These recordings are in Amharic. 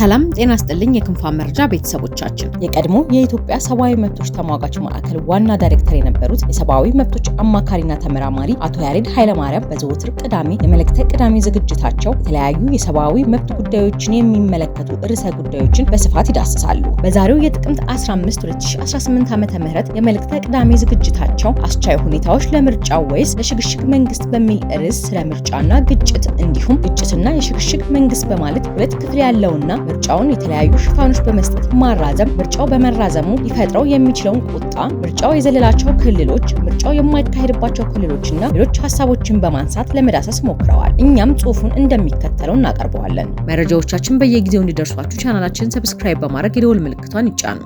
ሰላም ጤና ስጥልኝ። የክንፋን መረጃ ቤተሰቦቻችን የቀድሞ የኢትዮጵያ ሰብአዊ መብቶች ተሟጋች ማዕከል ዋና ዳይሬክተር የነበሩት የሰብአዊ መብቶች አማካሪና ተመራማሪ አቶ ያሬድ ኃይለማርያም በዘወትር ቅዳሜ የመልእክተ ቅዳሜ ዝግጅታቸው የተለያዩ የሰብአዊ መብት ጉዳዮችን የሚመለከቱ ርዕሰ ጉዳዮችን በስፋት ይዳስሳሉ። በዛሬው የጥቅምት 15 2018 ዓ ም የመልእክተ ቅዳሜ ዝግጅታቸው አስቻይ ሁኔታዎች ለምርጫ ወይስ ለሽግሽግ መንግስት በሚል ርዕስ ስለ ምርጫና ግጭት እንዲሁም ግጭትና የሽግሽግ መንግስት በማለት ሁለት ክፍል ያለውና ምርጫውን የተለያዩ ሽፋኖች በመስጠት ማራዘም ምርጫው በመራዘሙ ሊፈጥረው የሚችለውን ቁጣ፣ ምርጫው የዘለላቸው ክልሎች፣ ምርጫው የማይካሄድባቸው ክልሎችና ሌሎች ሀሳቦችን በማንሳት ለመዳሰስ ሞክረዋል። እኛም ጽሁፉን እንደሚከተለው እናቀርበዋለን። መረጃዎቻችን በየጊዜው እንዲደርሷችሁ ቻናላችንን ሰብስክራይብ በማድረግ የደወል ምልክቷን ይጫኑ።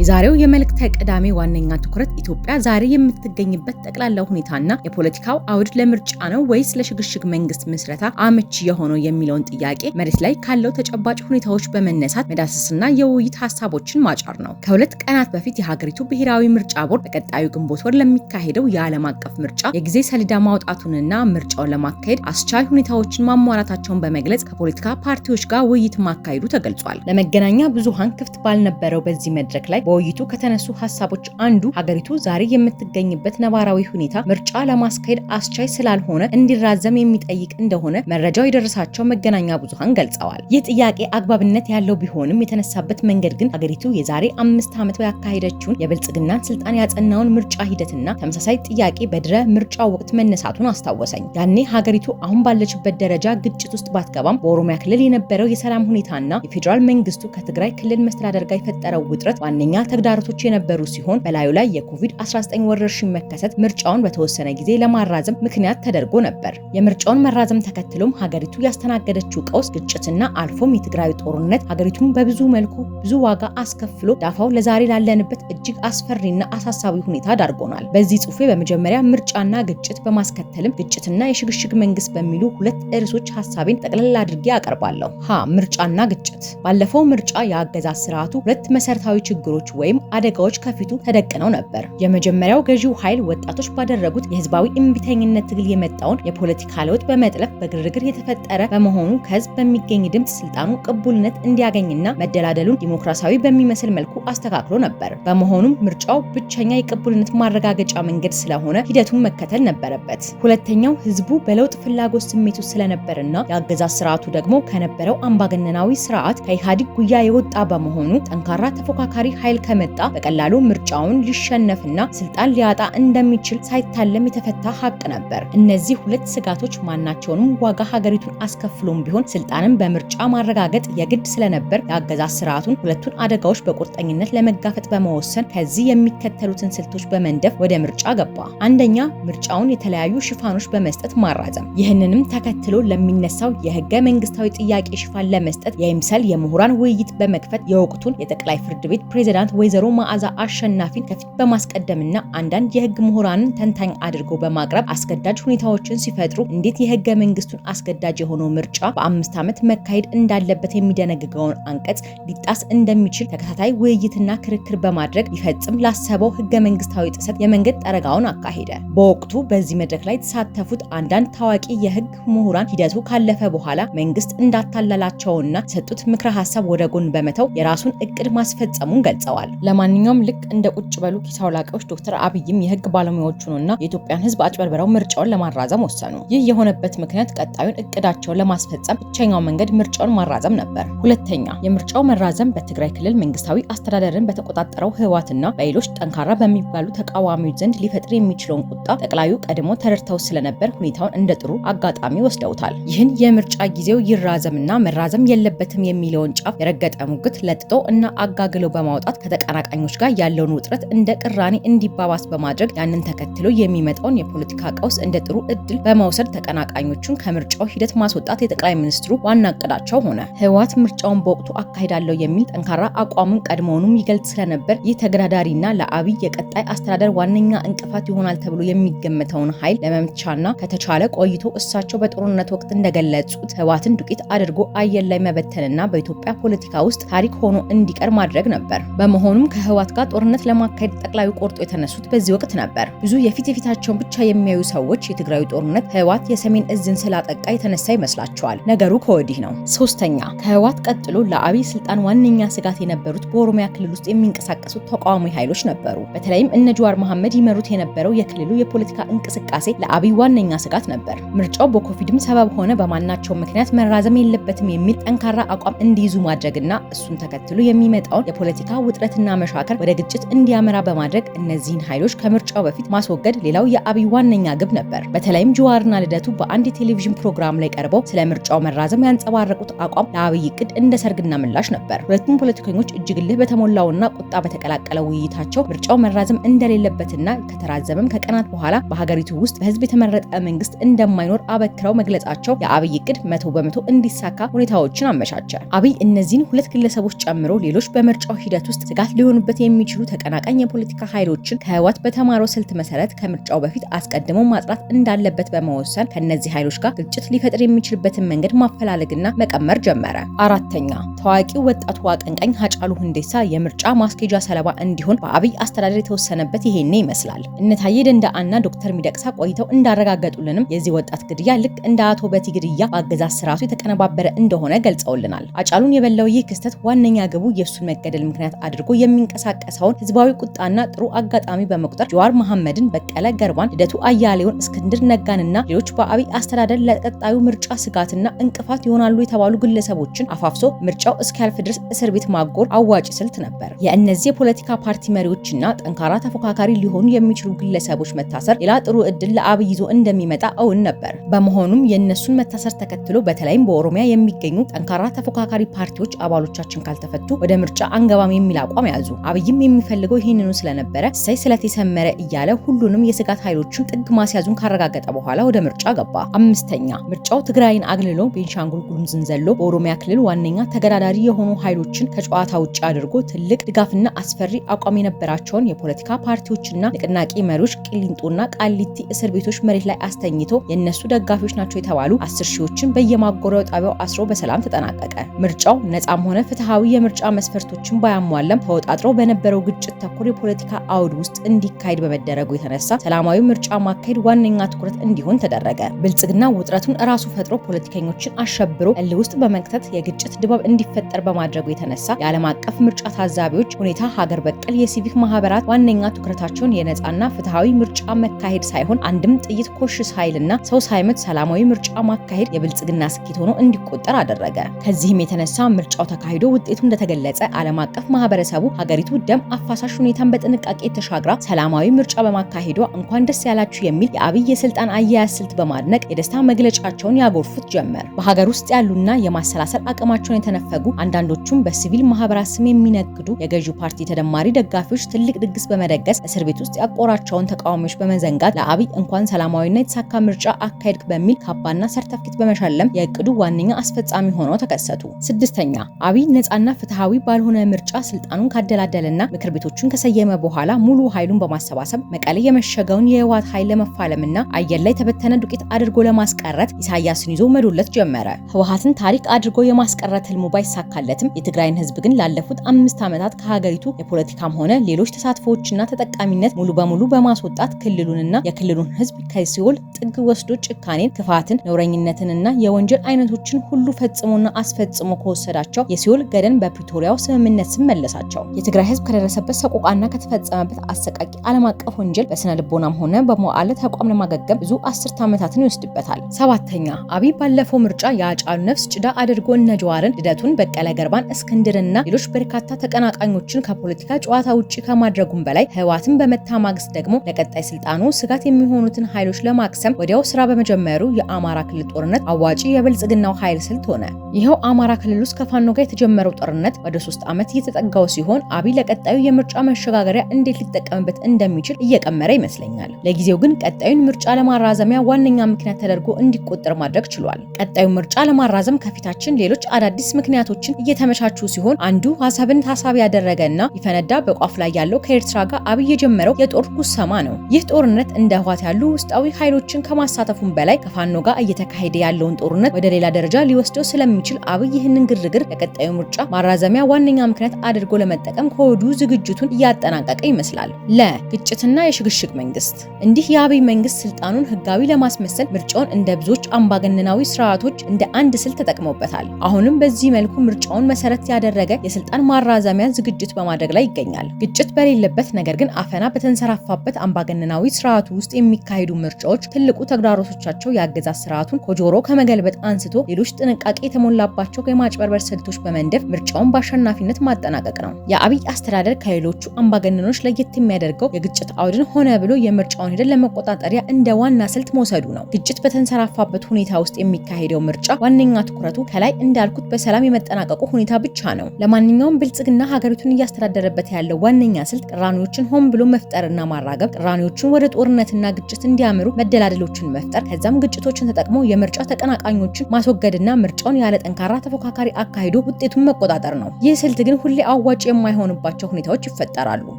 የዛሬው የመልዕክተ ቅዳሜ ዋነኛ ትኩረት ኢትዮጵያ ዛሬ የምትገኝበት ጠቅላላው ሁኔታና የፖለቲካው አውድ ለምርጫ ነው ወይስ ለሽግሽግ መንግስት ምስረታ አመቺ የሆነው የሚለውን ጥያቄ መሬት ላይ ካለው ተጨባጭ ሁኔታዎች በመነሳት መዳሰስና የውይይት ሀሳቦችን ማጫር ነው። ከሁለት ቀናት በፊት የሀገሪቱ ብሔራዊ ምርጫ ቦርድ በቀጣዩ ግንቦት ወር ለሚካሄደው የዓለም አቀፍ ምርጫ የጊዜ ሰሌዳ ማውጣቱንና ምርጫውን ለማካሄድ አስቻይ ሁኔታዎችን ማሟላታቸውን በመግለጽ ከፖለቲካ ፓርቲዎች ጋር ውይይት ማካሄዱ ተገልጿል። ለመገናኛ ብዙሃን ክፍት ባልነበረው በዚህ መድረክ ላይ በውይይቱ ከተነሱ ሀሳቦች አንዱ ሀገሪቱ ዛሬ የምትገኝበት ነባራዊ ሁኔታ ምርጫ ለማስካሄድ አስቻይ ስላልሆነ እንዲራዘም የሚጠይቅ እንደሆነ መረጃው የደረሳቸው መገናኛ ብዙሃን ገልጸዋል። ይህ ጥያቄ አግባብነት ያለው ቢሆንም የተነሳበት መንገድ ግን ሀገሪቱ የዛሬ አምስት ዓመት ያካሄደችውን የብልጽግናን ስልጣን ያጸናውን ምርጫ ሂደትና ተመሳሳይ ጥያቄ በድረ ምርጫ ወቅት መነሳቱን አስታወሰኝ። ያኔ ሀገሪቱ አሁን ባለችበት ደረጃ ግጭት ውስጥ ባትገባም በኦሮሚያ ክልል የነበረው የሰላም ሁኔታና የፌዴራል መንግስቱ ከትግራይ ክልል መስተዳደር ጋር የፈጠረው ውጥረት ዋነኛ ተግዳሮቶች የነበሩ ሲሆን በላዩ ላይ የኮቪድ-19 ወረርሽኝ መከሰት ምርጫውን በተወሰነ ጊዜ ለማራዘም ምክንያት ተደርጎ ነበር። የምርጫውን መራዘም ተከትሎም ሀገሪቱ ያስተናገደችው ቀውስ፣ ግጭትና አልፎም የትግራይ ጦርነት ሀገሪቱን በብዙ መልኩ ብዙ ዋጋ አስከፍሎ ዳፋው ለዛሬ ላለንበት እጅግ አስፈሪና አሳሳቢ ሁኔታ ዳርጎናል። በዚህ ጽሁፌ በመጀመሪያ ምርጫና ግጭት በማስከተልም ግጭትና የሽግሽግ መንግስት በሚሉ ሁለት ርዕሶች ሀሳቤን ጠቅለል አድርጌ አቀርባለሁ። ሀ ምርጫና ግጭት ባለፈው ምርጫ የአገዛዝ ስርዓቱ ሁለት መሰረታዊ ችግሮች እክሎች ወይም አደጋዎች ከፊቱ ተደቅነው ነበር። የመጀመሪያው ገዢው ኃይል ወጣቶች ባደረጉት የህዝባዊ እምቢተኝነት ትግል የመጣውን የፖለቲካ ለውጥ በመጥለፍ በግርግር የተፈጠረ በመሆኑ ከህዝብ በሚገኝ ድምፅ ስልጣኑ ቅቡልነት እንዲያገኝና መደላደሉን ዲሞክራሲያዊ በሚመስል መልኩ አስተካክሎ ነበር። በመሆኑም ምርጫው ብቸኛ የቅቡልነት ማረጋገጫ መንገድ ስለሆነ ሂደቱን መከተል ነበረበት። ሁለተኛው ህዝቡ በለውጥ ፍላጎት ስሜቱ ስለነበርና የአገዛዝ ስርዓቱ ደግሞ ከነበረው አምባገነናዊ ስርዓት ከኢህአዲግ ጉያ የወጣ በመሆኑ ጠንካራ ተፎካካሪ ኃይል ኃይል ከመጣ በቀላሉ ምርጫውን ሊሸነፍና ስልጣን ሊያጣ እንደሚችል ሳይታለም የተፈታ ሀቅ ነበር። እነዚህ ሁለት ስጋቶች ማናቸውንም ዋጋ ሀገሪቱን አስከፍሎም ቢሆን ስልጣንን በምርጫ ማረጋገጥ የግድ ስለነበር የአገዛዝ ስርዓቱን ሁለቱን አደጋዎች በቁርጠኝነት ለመጋፈጥ በመወሰን ከዚህ የሚከተሉትን ስልቶች በመንደፍ ወደ ምርጫ ገባ። አንደኛ፣ ምርጫውን የተለያዩ ሽፋኖች በመስጠት ማራዘም። ይህንንም ተከትሎ ለሚነሳው የህገ መንግስታዊ ጥያቄ ሽፋን ለመስጠት የይምሰል የምሁራን ውይይት በመክፈት የወቅቱን የጠቅላይ ፍርድ ቤት ፕሬዚዳንት ፕሬዚዳንት ወይዘሮ መዓዛ አሸናፊን ከፊት በማስቀደምና አንዳንድ የህግ ምሁራንን ተንታኝ አድርጎ በማቅረብ አስገዳጅ ሁኔታዎችን ሲፈጥሩ እንዴት የህገ መንግስቱን አስገዳጅ የሆነው ምርጫ በአምስት ዓመት መካሄድ እንዳለበት የሚደነግገውን አንቀጽ ሊጣስ እንደሚችል ተከታታይ ውይይትና ክርክር በማድረግ ሊፈጽም ላሰበው ህገ መንግስታዊ ጥሰት የመንገድ ጠረጋውን አካሄደ። በወቅቱ በዚህ መድረክ ላይ የተሳተፉት አንዳንድ ታዋቂ የህግ ምሁራን ሂደቱ ካለፈ በኋላ መንግስት እንዳታለላቸውና የሰጡት ምክረ ሀሳብ ወደ ጎን በመተው የራሱን እቅድ ማስፈጸሙን ገልጸዋል። መልሰዋል። ለማንኛውም ልክ እንደ ቁጭ በሉ ኪሳው ላቂዎች ዶክተር አብይም የህግ ባለሙያዎቹንና የኢትዮጵያን ህዝብ አጭበርብረው ምርጫውን ለማራዘም ወሰኑ። ይህ የሆነበት ምክንያት ቀጣዩን እቅዳቸውን ለማስፈጸም ብቸኛው መንገድ ምርጫውን ማራዘም ነበር። ሁለተኛ፣ የምርጫው መራዘም በትግራይ ክልል መንግስታዊ አስተዳደርን በተቆጣጠረው ህወሓትና በሌሎች ጠንካራ በሚባሉ ተቃዋሚዎች ዘንድ ሊፈጥር የሚችለውን ቁጣ ጠቅላዩ ቀድሞ ተረድተው ስለነበር ሁኔታውን እንደ ጥሩ አጋጣሚ ወስደውታል። ይህን የምርጫ ጊዜው ይራዘምና መራዘም የለበትም የሚለውን ጫፍ የረገጠ ሙግት ለጥጦ እና አጋግለው በማውጣት ከተቀናቃኞች ጋር ያለውን ውጥረት እንደ ቅራኔ እንዲባባስ በማድረግ ያንን ተከትሎ የሚመጣውን የፖለቲካ ቀውስ እንደ ጥሩ እድል በመውሰድ ተቀናቃኞቹን ከምርጫው ሂደት ማስወጣት የጠቅላይ ሚኒስትሩ ዋና እቅዳቸው ሆነ። ህወሓት ምርጫውን በወቅቱ አካሂዳለሁ የሚል ጠንካራ አቋሙን ቀድሞውኑም ይገልጽ ስለነበር ይህ ተገዳዳሪና ለአብይ የቀጣይ አስተዳደር ዋነኛ እንቅፋት ይሆናል ተብሎ የሚገመተውን ኃይል ለመምቻና ከተቻለ ቆይቶ እሳቸው በጦርነት ወቅት እንደገለጹት ህወሓትን ዱቄት አድርጎ አየር ላይ መበተንና በኢትዮጵያ ፖለቲካ ውስጥ ታሪክ ሆኖ እንዲቀር ማድረግ ነበር። በመሆኑም ከህወሓት ጋር ጦርነት ለማካሄድ ጠቅላዩ ቆርጦ የተነሱት በዚህ ወቅት ነበር። ብዙ የፊት የፊታቸውን ብቻ የሚያዩ ሰዎች የትግራዩ ጦርነት ህወሓት የሰሜን እዝን ስላጠቃ የተነሳ ይመስላቸዋል። ነገሩ ከወዲህ ነው። ሶስተኛ ከህወሓት ቀጥሎ ለአብይ ስልጣን ዋነኛ ስጋት የነበሩት በኦሮሚያ ክልል ውስጥ የሚንቀሳቀሱት ተቃዋሚ ኃይሎች ነበሩ። በተለይም እነ ጀዋር መሐመድ ይመሩት የነበረው የክልሉ የፖለቲካ እንቅስቃሴ ለአብይ ዋነኛ ስጋት ነበር። ምርጫው በኮቪድም ሰበብ ሆነ በማናቸው ምክንያት መራዘም የለበትም የሚል ጠንካራ አቋም እንዲይዙ ማድረግና እሱን ተከትሎ የሚመጣውን የፖለቲካ ውጥ ውጥረትና መሻከር ወደ ግጭት እንዲያመራ በማድረግ እነዚህን ኃይሎች ከምርጫው በፊት ማስወገድ ሌላው የአብይ ዋነኛ ግብ ነበር። በተለይም ጅዋርና ልደቱ በአንድ የቴሌቪዥን ፕሮግራም ላይ ቀርበው ስለ ምርጫው መራዘም ያንጸባረቁት አቋም ለአብይ እቅድ እንደ ሰርግና ምላሽ ነበር። ሁለቱም ፖለቲከኞች እጅግ በተሞላውና ቁጣ በተቀላቀለው ውይይታቸው ምርጫው መራዘም እንደሌለበትና ከተራዘመም ከቀናት በኋላ በሀገሪቱ ውስጥ በህዝብ የተመረጠ መንግስት እንደማይኖር አበክረው መግለጻቸው የአብይ እቅድ መቶ በመቶ እንዲሳካ ሁኔታዎችን አመቻቸ። አብይ እነዚህን ሁለት ግለሰቦች ጨምሮ ሌሎች በምርጫው ሂደት ውስጥ ስጋት ሊሆኑበት የሚችሉ ተቀናቃኝ የፖለቲካ ኃይሎችን ከህወሓት በተማረው ስልት መሰረት ከምርጫው በፊት አስቀድሞ ማጽራት እንዳለበት በመወሰን ከእነዚህ ኃይሎች ጋር ግጭት ሊፈጥር የሚችልበትን መንገድ ማፈላለግና መቀመር ጀመረ። አራተኛ ታዋቂው ወጣቱ አቀንቃኝ ሀጫሉ ሁንዴሳ የምርጫ ማስኬጃ ሰለባ እንዲሆን በአብይ አስተዳደር የተወሰነበት ይሄኔ ይመስላል። እነ ደንዳአና ዶክተር ሚደቅሳ ቆይተው እንዳረጋገጡልንም የዚህ ወጣት ግድያ ልክ እንደ አቶ በቲ ግድያ በአገዛዝ ስርዓቱ የተቀነባበረ እንደሆነ ገልጸውልናል። አጫሉን የበላው ይህ ክስተት ዋነኛ ግቡ የእሱን መገደል ምክንያት አድርጎ አድርጎ የሚንቀሳቀሰውን ህዝባዊ ቁጣና ጥሩ አጋጣሚ በመቁጠር ጀዋር መሐመድን፣ በቀለ ገርባን፣ ልደቱ አያሌውን፣ እስክንድር ነጋንና ሌሎች በአብይ አስተዳደር ለቀጣዩ ምርጫ ስጋትና እንቅፋት ይሆናሉ የተባሉ ግለሰቦችን አፋፍሶ ምርጫው እስኪያልፍ ድረስ እስር ቤት ማጎር አዋጭ ስልት ነበር። የእነዚህ የፖለቲካ ፓርቲ መሪዎችና ጠንካራ ተፎካካሪ ሊሆኑ የሚችሉ ግለሰቦች መታሰር ሌላ ጥሩ እድል ለአብይ ይዞ እንደሚመጣ እውን ነበር። በመሆኑም የእነሱን መታሰር ተከትሎ በተለይም በኦሮሚያ የሚገኙ ጠንካራ ተፎካካሪ ፓርቲዎች አባሎቻችን ካልተፈቱ ወደ ምርጫ አንገባም የሚል አቋም ያዙ። አብይም የሚፈልገው ይህንኑ ስለነበረ ሰይ ስለተሰመረ እያለ ሁሉንም የስጋት ኃይሎቹን ጥግ ማስያዙን ካረጋገጠ በኋላ ወደ ምርጫ ገባ። አምስተኛ ምርጫው ትግራይን አግልሎ ቤንሻንጉል ጉሙዝን ዘሎ በኦሮሚያ ክልል ዋነኛ ተገዳዳሪ የሆኑ ኃይሎችን ከጨዋታ ውጭ አድርጎ ትልቅ ድጋፍና አስፈሪ አቋም የነበራቸውን የፖለቲካ ፓርቲዎችና ንቅናቄ መሪዎች ቅሊንጦና ቃሊቲ እስር ቤቶች መሬት ላይ አስተኝቶ የእነሱ ደጋፊዎች ናቸው የተባሉ አስር ሺዎችን በየማጎሪያው ጣቢያው አስሮ በሰላም ተጠናቀቀ። ምርጫው ነፃም ሆነ ፍትሐዊ የምርጫ መስፈርቶችን ባያሟላ ዓለም ተወጣጥሮ በነበረው ግጭት ተኮር የፖለቲካ አውድ ውስጥ እንዲካሄድ በመደረጉ የተነሳ ሰላማዊ ምርጫ ማካሄድ ዋነኛ ትኩረት እንዲሆን ተደረገ። ብልጽግና ውጥረቱን ራሱ ፈጥሮ ፖለቲከኞችን አሸብሮ እል ውስጥ በመክተት የግጭት ድባብ እንዲፈጠር በማድረጉ የተነሳ የዓለም አቀፍ ምርጫ ታዛቢዎች ሁኔታ ሀገር በቀል የሲቪክ ማህበራት ዋነኛ ትኩረታቸውን የነፃና ፍትሐዊ ምርጫ መካሄድ ሳይሆን አንድም ጥይት ኮሽ ሳይልና ሰው ሳይመት ሰላማዊ ምርጫ ማካሄድ የብልጽግና ስኬት ሆኖ እንዲቆጠር አደረገ። ከዚህም የተነሳ ምርጫው ተካሂዶ ውጤቱ እንደተገለጸ ዓለም አቀፍ ማህበረ ማህበረሰቡ ሀገሪቱ ደም አፋሳሽ ሁኔታን በጥንቃቄ ተሻግራ ሰላማዊ ምርጫ በማካሄዷ እንኳን ደስ ያላችሁ የሚል የአብይ የስልጣን አያያዝ ስልት በማድነቅ የደስታ መግለጫቸውን ያጎርፉት ጀመር። በሀገር ውስጥ ያሉና የማሰላሰል አቅማቸውን የተነፈጉ አንዳንዶቹም በሲቪል ማህበራት ስም የሚነግዱ የገዢው ፓርቲ ተደማሪ ደጋፊዎች ትልቅ ድግስ በመደገስ እስር ቤት ውስጥ ያቆራቸውን ተቃዋሚዎች በመዘንጋት ለአብይ እንኳን ሰላማዊና የተሳካ ምርጫ አካሄድክ በሚል ካባና ሰርተፍኬት በመሸለም የእቅዱ ዋነኛ አስፈጻሚ ሆነው ተከሰቱ። ስድስተኛ አብይ ነጻና ፍትሐዊ ባልሆነ ምርጫ ስልጣን ስልጣኑን ካደላደለና ምክር ቤቶቹን ከሰየመ በኋላ ሙሉ ኃይሉን በማሰባሰብ መቀሌ የመሸገውን የህወሓት ኃይል ለመፋለምና አየር ላይ የተበተነ ዱቄት አድርጎ ለማስቀረት ኢሳያስን ይዞ መዶለት ጀመረ። ህወሓትን ታሪክ አድርጎ የማስቀረት ህልሙ ባይሳካለትም የትግራይን ህዝብ ግን ላለፉት አምስት ዓመታት ከሀገሪቱ የፖለቲካም ሆነ ሌሎች ተሳትፎዎችና ተጠቃሚነት ሙሉ በሙሉ በማስወጣት ክልሉንና የክልሉን ህዝብ ከሲኦል ጥግ ወስዶ ጭካኔን፣ ክፋትን፣ ነውረኝነትንና የወንጀል አይነቶችን ሁሉ ፈጽሞና አስፈጽሞ ከወሰዳቸው የሲኦል ገደን በፕሪቶሪያው ስምምነት ስም መለሳል። ናቸው። የትግራይ ህዝብ ከደረሰበት ሰቆቃና ከተፈጸመበት አሰቃቂ ዓለም አቀፍ ወንጀል በስነ ልቦናም ሆነ በመዋዕለ ተቋም ለማገገም ብዙ አስርት ዓመታትን ይወስድበታል። ሰባተኛ አብይ ባለፈው ምርጫ የአጫሉ ነፍስ ጭዳ አድርጎ እነ ጀዋርን፣ ልደቱን፣ በቀለ ገርባን፣ እስክንድርና ሌሎች በርካታ ተቀናቃኞችን ከፖለቲካ ጨዋታ ውጭ ከማድረጉም በላይ ህወሓትን በመታ ማግስት ደግሞ ለቀጣይ ስልጣኑ ስጋት የሚሆኑትን ኃይሎች ለማክሰም ወዲያው ስራ በመጀመሩ የአማራ ክልል ጦርነት አዋጪ የብልጽግናው ኃይል ስልት ሆነ። ይኸው አማራ ክልል ውስጥ ከፋኖ ጋር የተጀመረው ጦርነት ወደ ሶስት ዓመት እየተጠጋው ሲሆን አብይ ለቀጣዩ የምርጫ መሸጋገሪያ እንዴት ሊጠቀምበት እንደሚችል እየቀመረ ይመስለኛል። ለጊዜው ግን ቀጣዩን ምርጫ ለማራዘሚያ ዋነኛ ምክንያት ተደርጎ እንዲቆጠር ማድረግ ችሏል። ቀጣዩን ምርጫ ለማራዘም ከፊታችን ሌሎች አዳዲስ ምክንያቶችን እየተመቻቹ ሲሆን አንዱ ሀሳብን ታሳቢ ያደረገ እና ይፈነዳ በቋፍ ላይ ያለው ከኤርትራ ጋር አብይ የጀመረው የጦር ጉሰማ ነው። ይህ ጦርነት እንደ ህወሓት ያሉ ውስጣዊ ኃይሎችን ከማሳተፉም በላይ ከፋኖ ጋር እየተካሄደ ያለውን ጦርነት ወደ ሌላ ደረጃ ሊወስደው ስለሚችል አብይ ይህንን ግርግር ለቀጣዩ ምርጫ ማራዘሚያ ዋነኛ ምክንያት አድርጎ ለመጠቀም ከወዱ ዝግጅቱን እያጠናቀቀ ይመስላል። ለ ግጭትና የሽግሽግ መንግስት እንዲህ የአብይ መንግስት ስልጣኑን ህጋዊ ለማስመሰል ምርጫውን እንደ ብዙዎች አምባገነናዊ ስርዓቶች እንደ አንድ ስልት ተጠቅሞበታል። አሁንም በዚህ መልኩ ምርጫውን መሰረት ያደረገ የስልጣን ማራዘሚያ ዝግጅት በማድረግ ላይ ይገኛል። ግጭት በሌለበት ነገር ግን አፈና በተንሰራፋበት አምባገነናዊ ስርዓቱ ውስጥ የሚካሄዱ ምርጫዎች ትልቁ ተግዳሮቶቻቸው የአገዛዝ ስርዓቱን ከጆሮ ከመገልበጥ አንስቶ ሌሎች ጥንቃቄ የተሞላባቸው የማጭበርበር ስልቶች በመንደፍ ምርጫውን በአሸናፊነት ማጠናቀቅ ነው። ነው። የአብይ አስተዳደር ከሌሎቹ አምባገነኖች ለየት የሚያደርገው የግጭት አውድን ሆነ ብሎ የምርጫውን ሂደት ለመቆጣጠሪያ እንደ ዋና ስልት መውሰዱ ነው። ግጭት በተንሰራፋበት ሁኔታ ውስጥ የሚካሄደው ምርጫ ዋነኛ ትኩረቱ ከላይ እንዳልኩት በሰላም የመጠናቀቁ ሁኔታ ብቻ ነው። ለማንኛውም ብልጽግና ሀገሪቱን እያስተዳደረበት ያለው ዋነኛ ስልት ቅራኔዎችን ሆን ብሎ መፍጠርና ማራገብ፣ ቅራኔዎችን ወደ ጦርነትና ግጭት እንዲያምሩ መደላደሎችን መፍጠር፣ ከዛም ግጭቶችን ተጠቅሞ የምርጫ ተቀናቃኞችን ማስወገድና ምርጫውን ያለ ጠንካራ ተፎካካሪ አካሂዶ ውጤቱን መቆጣጠር ነው። ይህ ስልት ግን ሁሌ አዋ አዋጭ የማይሆንባቸው ሁኔታዎች ይፈጠራሉ።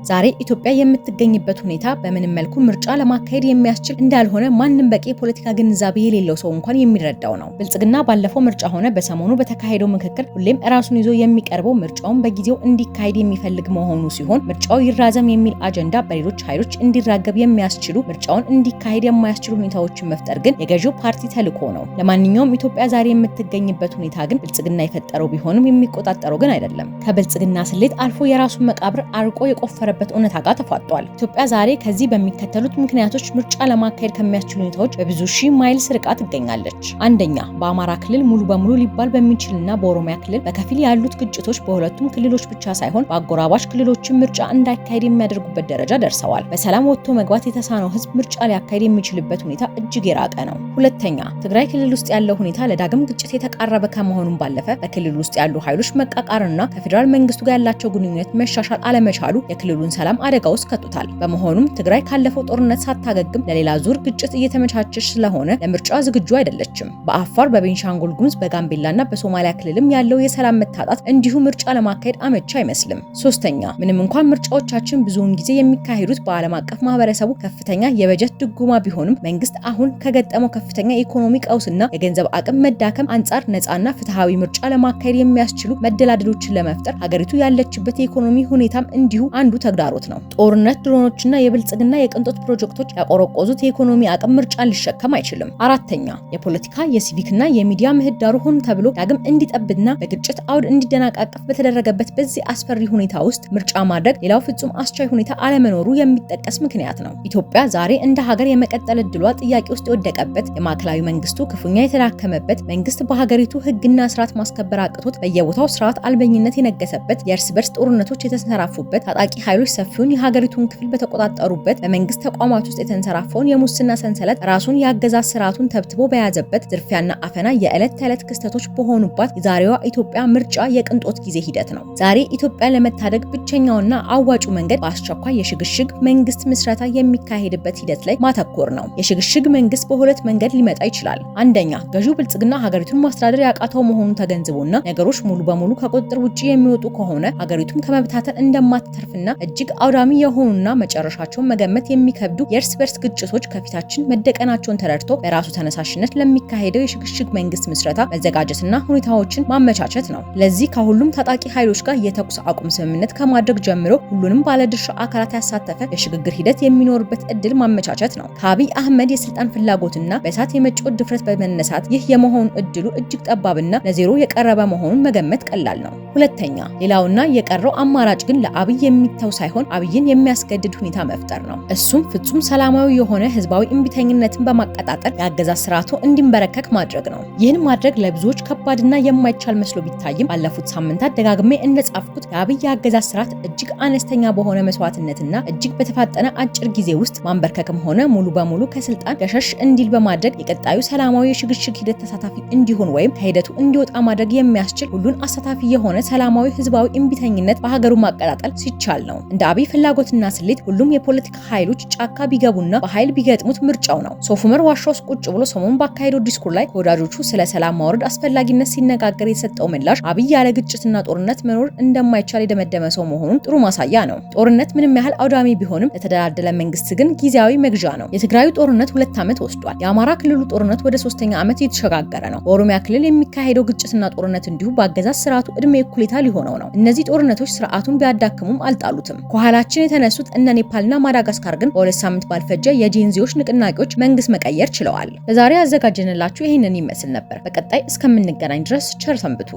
ዛሬ ኢትዮጵያ የምትገኝበት ሁኔታ በምንም መልኩ ምርጫ ለማካሄድ የሚያስችል እንዳልሆነ ማንም በቂ የፖለቲካ ግንዛቤ የሌለው ሰው እንኳን የሚረዳው ነው። ብልጽግና ባለፈው ምርጫ ሆነ በሰሞኑ በተካሄደው ምክክር ሁሌም ራሱን ይዞ የሚቀርበው ምርጫውን በጊዜው እንዲካሄድ የሚፈልግ መሆኑ ሲሆን ምርጫው ይራዘም የሚል አጀንዳ በሌሎች ኃይሎች እንዲራገብ የሚያስችሉ ምርጫውን እንዲካሄድ የማያስችሉ ሁኔታዎችን መፍጠር ግን የገዢው ፓርቲ ተልዕኮ ነው። ለማንኛውም ኢትዮጵያ ዛሬ የምትገኝበት ሁኔታ ግን ብልጽግና የፈጠረው ቢሆንም የሚቆጣጠረው ግን አይደለም። ከብልጽግና ስለ ስሌት አልፎ የራሱን መቃብር አርቆ የቆፈረበት እውነታ ጋር ተፋጧል። ኢትዮጵያ ዛሬ ከዚህ በሚከተሉት ምክንያቶች ምርጫ ለማካሄድ ከሚያስችሉ ሁኔታዎች በብዙ ሺህ ማይልስ ርቃ ትገኛለች። አንደኛ፣ በአማራ ክልል ሙሉ በሙሉ ሊባል በሚችልና በኦሮሚያ ክልል በከፊል ያሉት ግጭቶች በሁለቱም ክልሎች ብቻ ሳይሆን በአጎራባች ክልሎችን ምርጫ እንዳይካሄድ የሚያደርጉበት ደረጃ ደርሰዋል። በሰላም ወጥቶ መግባት የተሳነው ህዝብ ምርጫ ሊያካሄድ የሚችልበት ሁኔታ እጅግ የራቀ ነው። ሁለተኛ፣ ትግራይ ክልል ውስጥ ያለው ሁኔታ ለዳግም ግጭት የተቃረበ ከመሆኑም ባለፈ በክልል ውስጥ ያሉ ኃይሎች መቃቃርና ከፌዴራል መንግስቱ ጋር ያላ ያላቸው ግንኙነት መሻሻል አለመቻሉ የክልሉን ሰላም አደጋ ውስጥ ከቶታል። በመሆኑም ትግራይ ካለፈው ጦርነት ሳታገግም ለሌላ ዙር ግጭት እየተመቻቸች ስለሆነ ለምርጫ ዝግጁ አይደለችም። በአፋር፣ በቤንሻንጉል ጉምዝ፣ በጋምቤላና በሶማሊያ ክልልም ያለው የሰላም መታጣት እንዲሁ ምርጫ ለማካሄድ አመቺ አይመስልም። ሶስተኛ ምንም እንኳን ምርጫዎቻችን ብዙውን ጊዜ የሚካሄዱት በዓለም አቀፍ ማህበረሰቡ ከፍተኛ የበጀት ድጎማ ቢሆንም መንግስት አሁን ከገጠመው ከፍተኛ የኢኮኖሚ ቀውስና የገንዘብ አቅም መዳከም አንጻር ነፃና ፍትሐዊ ምርጫ ለማካሄድ የሚያስችሉ መደላደሎችን ለመፍጠር ሀገሪቱ ያለ ያለችበት የኢኮኖሚ ሁኔታም እንዲሁ አንዱ ተግዳሮት ነው። ጦርነት፣ ድሮኖችና የብልጽግና የቅንጦት ፕሮጀክቶች ያቆረቆዙት የኢኮኖሚ አቅም ምርጫን ሊሸከም አይችልም። አራተኛ የፖለቲካ የሲቪክና የሚዲያ ምህዳሩ ሆን ተብሎ ዳግም እንዲጠብና በግጭት አውድ እንዲደናቃቀፍ በተደረገበት በዚህ አስፈሪ ሁኔታ ውስጥ ምርጫ ማድረግ ሌላው ፍጹም አስቻይ ሁኔታ አለመኖሩ የሚጠቀስ ምክንያት ነው። ኢትዮጵያ ዛሬ እንደ ሀገር የመቀጠል እድሏ ጥያቄ ውስጥ የወደቀበት፣ የማዕከላዊ መንግስቱ ክፉኛ የተዳከመበት፣ መንግስት በሀገሪቱ ህግና ስርዓት ማስከበር አቅቶት በየቦታው ስርዓት አልበኝነት የነገሰበት፣ የእርስ በርስ ጦርነቶች የተንሰራፉበት ታጣቂ ኃይሎች ሰፊውን የሀገሪቱን ክፍል በተቆጣጠሩበት በመንግስት ተቋማት ውስጥ የተንሰራፈውን የሙስና ሰንሰለት ራሱን የአገዛዝ ስርዓቱን ተብትቦ በያዘበት ዝርፊያና አፈና የዕለት ተዕለት ክስተቶች በሆኑባት የዛሬዋ ኢትዮጵያ ምርጫ የቅንጦት ጊዜ ሂደት ነው። ዛሬ ኢትዮጵያ ለመታደግ ብቸኛውና አዋጩ መንገድ በአስቸኳይ የሽግሽግ መንግስት ምስረታ የሚካሄድበት ሂደት ላይ ማተኮር ነው። የሽግሽግ መንግስት በሁለት መንገድ ሊመጣ ይችላል። አንደኛ፣ ገዢው ብልጽግና ሀገሪቱን ማስተዳደር ያቃተው መሆኑን ተገንዝቦና ነገሮች ሙሉ በሙሉ ከቁጥጥር ውጭ የሚወጡ ከሆነ ሀገሪቱም ከመበታተን እንደማትተርፍና እጅግ አውዳሚ የሆኑና መጨረሻቸውን መገመት የሚከብዱ የእርስ በርስ ግጭቶች ከፊታችን መደቀናቸውን ተረድቶ በራሱ ተነሳሽነት ለሚካሄደው የሽግሽግ መንግስት ምስረታ መዘጋጀትና ሁኔታዎችን ማመቻቸት ነው። ለዚህ ከሁሉም ታጣቂ ኃይሎች ጋር የተኩስ አቁም ስምምነት ከማድረግ ጀምሮ ሁሉንም ባለድርሻ አካላት ያሳተፈ የሽግግር ሂደት የሚኖርበት እድል ማመቻቸት ነው። ከአብይ አህመድ የስልጣን ፍላጎትና በእሳት የመጮት ድፍረት በመነሳት ይህ የመሆኑ እድሉ እጅግ ጠባብና ለዜሮ የቀረበ መሆኑን መገመት ቀላል ነው። ሁለተኛ ሌላውና የቀረው አማራጭ ግን ለአብይ የሚተው ሳይሆን አብይን የሚያስገድድ ሁኔታ መፍጠር ነው። እሱም ፍጹም ሰላማዊ የሆነ ህዝባዊ እምቢተኝነትን በማቀጣጠር የአገዛዝ ስርዓቱ እንዲንበረከክ ማድረግ ነው። ይህን ማድረግ ለብዙዎች ከባድና የማይቻል መስሎ ቢታይም ባለፉት ሳምንታት ደጋግሜ እንደጻፍኩት የአብይ የአገዛዝ ስርዓት እጅግ አነስተኛ በሆነ መስዋዕትነትና እጅግ በተፋጠነ አጭር ጊዜ ውስጥ ማንበርከክም ሆነ ሙሉ በሙሉ ከስልጣን ገሸሽ እንዲል በማድረግ የቀጣዩ ሰላማዊ የሽግሽግ ሂደት ተሳታፊ እንዲሆን ወይም ከሂደቱ እንዲወጣ ማድረግ የሚያስችል ሁሉን አሳታፊ የሆነ ሰላማዊ ህዝባዊ እምቢተ እውነተኝነት በሀገሩ ማቀጣጠል ሲቻል ነው። እንደ አብይ ፍላጎትና ስሌት ሁሉም የፖለቲካ ኃይሎች ጫካ ቢገቡና በኃይል ቢገጥሙት ምርጫው ነው። ሶፉመር ዑመር ዋሻ ውስጥ ቁጭ ብሎ ሰሞኑን ባካሄደው ዲስኩር ላይ ወዳጆቹ ስለ ሰላም ማውረድ አስፈላጊነት ሲነጋገር የሰጠው ምላሽ አብይ ያለ ግጭትና ጦርነት መኖር እንደማይቻል የደመደመ ሰው መሆኑን ጥሩ ማሳያ ነው። ጦርነት ምንም ያህል አውዳሚ ቢሆንም ለተደላደለ መንግስት ግን ጊዜያዊ መግዣ ነው። የትግራዩ ጦርነት ሁለት ዓመት ወስዷል። የአማራ ክልሉ ጦርነት ወደ ሶስተኛ ዓመት እየተሸጋገረ ነው። በኦሮሚያ ክልል የሚካሄደው ግጭትና ጦርነት እንዲሁ በአገዛዝ ስርዓቱ እድሜ እኩሌታ ሊሆነው ነው። እነዚህ እነዚህ ጦርነቶች ስርዓቱን ቢያዳክሙም አልጣሉትም። ከኋላችን የተነሱት እነ ኔፓልና ማዳጋስካር ግን በሁለት ሳምንት ባልፈጀ የጄንዚዎች ንቅናቄዎች መንግስት መቀየር ችለዋል። ለዛሬ ያዘጋጀንላችሁ ይህንን ይመስል ነበር። በቀጣይ እስከምንገናኝ ድረስ ቸር ሰንብቱ።